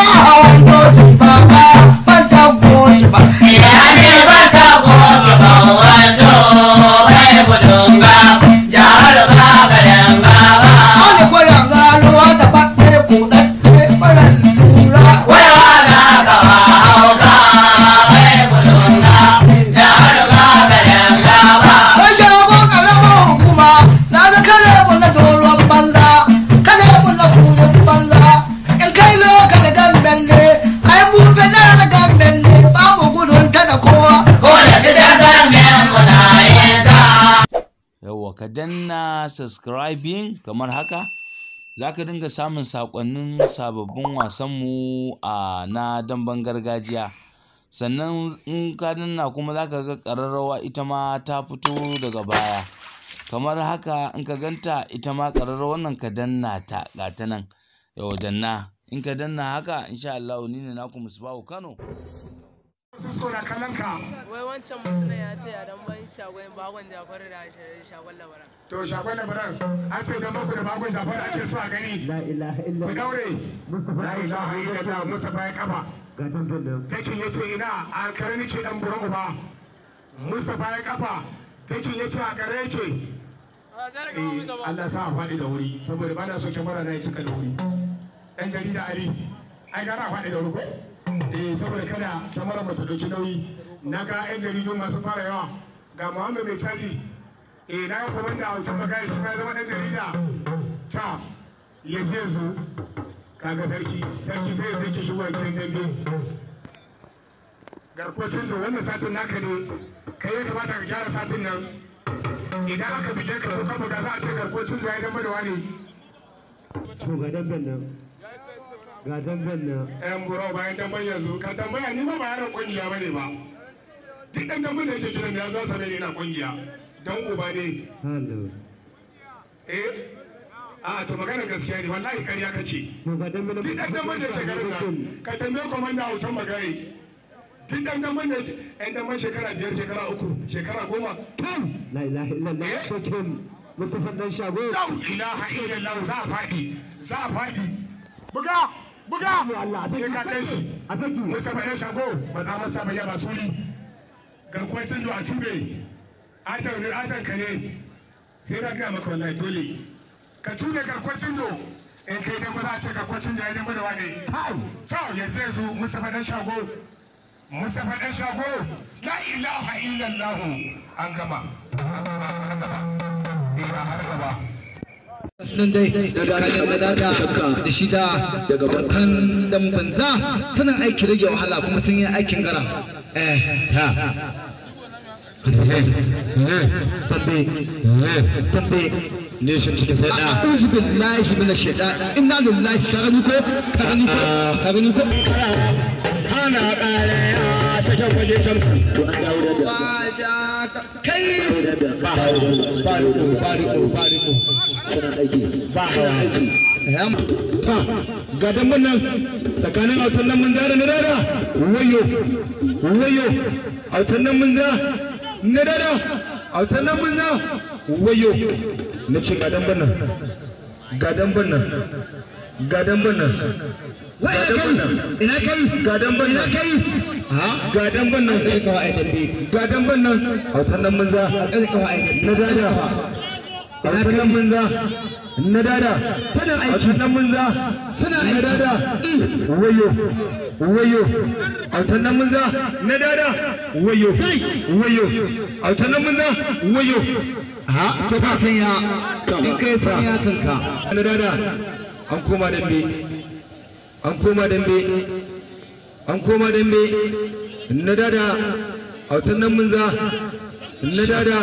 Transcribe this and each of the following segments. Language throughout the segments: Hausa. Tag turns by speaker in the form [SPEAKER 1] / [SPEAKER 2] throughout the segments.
[SPEAKER 1] Yeah. ka danna subscribing kamar haka za ka dinga samun sakonnin sababbin wasanmu a na damban gargajiya sannan in ka danna kuma za ka ga ƙararrawa ita ma ta fito daga baya kamar haka in ka ganta ita ma ƙararrawar nan ka danna ta ga ta nan yau danna in ka danna haka insha Allah ni ne naku Musbahu Kano
[SPEAKER 2] Francisco na kallon ka. Wai wancan mutum ya ce a dan ban shagon bakon Jafar da shagon labaran. To shagon labaran an ce dan baku da bakon Jafar ake so a gani. La ilaha illa. Ku daure. La ilaha illa Mustafa ya kafa. Takin ya ce ina a kare nake dan buran uba. Mustafa ya kafa. Takin ya ce a kare yake. Eh, Allah sa a faɗi da wuri saboda ba na so kyamara na ya cika da wuri. Ɗan jarida Ali, ai gara a faɗi da wuri ko? eh saboda kada kyamara mu ta dauki nauyi na ga yan jaridun masu fara yawa ga Muhammad mai caji eh na ga komanda a wancan baka shi ma zama dan jarida ta ya ce zo kaga sarki sarki sai sai ki shigo gidan dambe garkocin da wannan satin naka ne kai ya kamata ka gyara satin nan idan aka bige ka ko ka buga za a ce garkocin da ya dama da wani
[SPEAKER 1] to ga damben nan ga damben nan
[SPEAKER 2] yan buro bayan damben yanzu ka tambaya ni ba ba yaran kungiya ba ne ba duk dan damben da yake kiran ya zo sa ne na kungiya dan uba ne eh a to magana gaskiya ne wallahi ƙarya kace duk dan damben da yake garin nan ka tambaye komanda Hausa magari tun dan dan banda yan dan shekara biyar shekara uku shekara goma kam la ilaha illallah ko eh? kam mustafa dan shago la ilaha illallah za a faɗi za a faɗi buga buga sai ka kai shi musa bayan shago maza masa bayan basuli garkuwar canjo a tube acan ne acan ka ne sai na gaya maka wallahi dole ka tube garkuwar canjo in kai dan maza ce garkuwar canjo ya nemi da wani to yanzu yanzu musa bayan shago musa bayan shago la ilaha illallah an gama an gama har gaba nan
[SPEAKER 1] banza sanin aiki rage wahala kuma sun yi aikin gara eh ta tambe tambe ne shi cike sai da a'udhu billahi minash shaitan inna lillahi karani ko karani ko karani ko ana kare ya
[SPEAKER 2] kwaje shamsu to an dawo da kai ba ba ba ba suna aiki ba suna aiki ta
[SPEAKER 1] ga dambun nan tsakanin autan nan mun da nirada wayo wayo autan nan mun da nirada autan nan mun da wayo na ce ga dambun nan ga dambun nan ga dambun nan wai da kai ina kai ga dambun ina kai ga dambun nan ga dambun nan autan nan mun da na dada na kallon banza na dada sana aiki nan munza sana aiki Na dada wayo wayo autan nan munza na dada wayo wayo autan nan munza wayo ha to ka sanya kin kai sa kanka na dada an koma dambe an koma dambe an koma dambe na dada autan nan munza na dada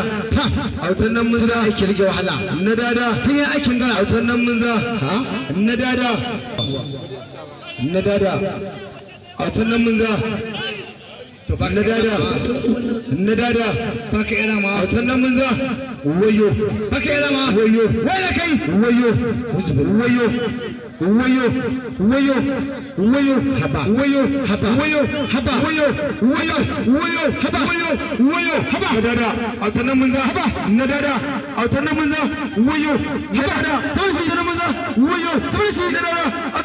[SPEAKER 1] autan nan mun za aiki rike wahala na sun yi aikin gara autan nan mun za na dada na dada autan nan mun za na dada na dada baka yana ma autan nan mun za wayo baka yana ma wayo wai da kai wayo wayo wayo wayo wayo haba wayo haba wayo haba wayo wayo wayo haba wayo wayo haba nadada autan mun za haba nadada autan mun za wayo nadada sabar shi nadada mun za wayo sabar shi nadada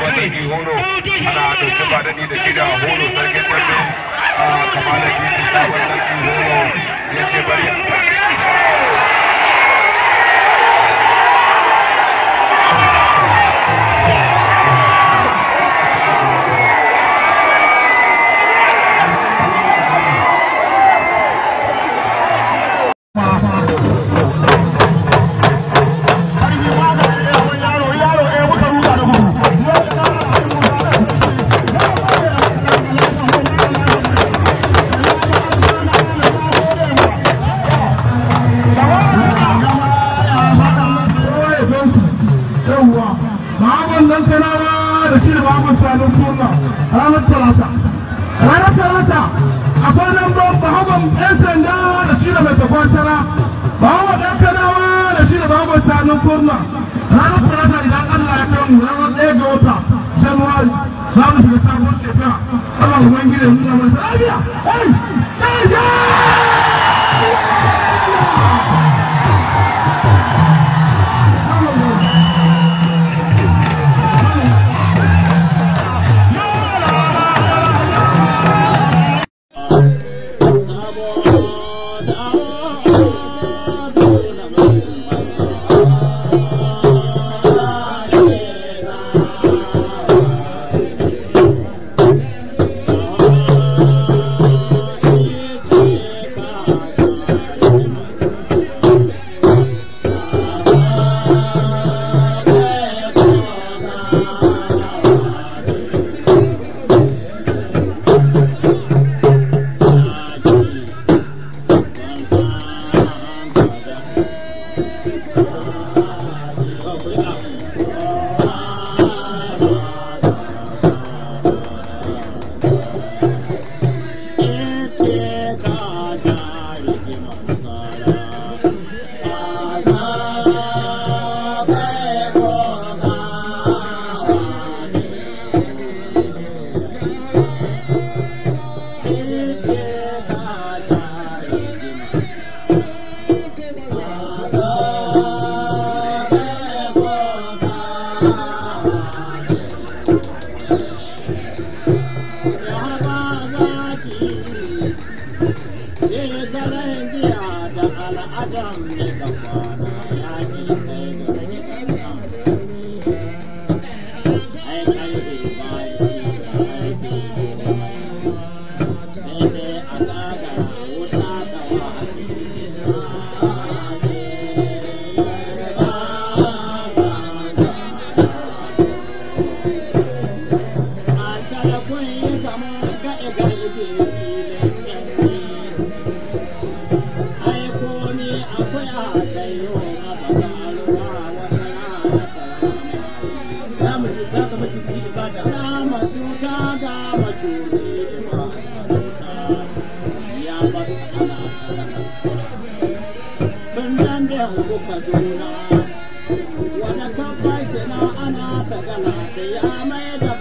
[SPEAKER 2] wanda ke horo ana ɗauke ba da ni da shi da horo sarkin sarki kamar
[SPEAKER 1] da ke isa wanda ke horo ya ce bari
[SPEAKER 2] ranar talata a talata akwai nan ban bahaban yan sanda da shi da mai takwasara bahaban ɗan kanawa da shi da bahaban sanin kurna ranar talata idan allah ya kai mu ranar ɗaya ga wata januwari za mu shiga sabuwar shekara allah ubangiji ya nuna mana lafiya ai Amen.
[SPEAKER 1] wani kan bashi na ana ta gana sai ya mai da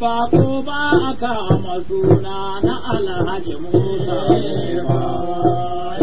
[SPEAKER 2] Bako ba aka masuna
[SPEAKER 1] na alhaji Musa.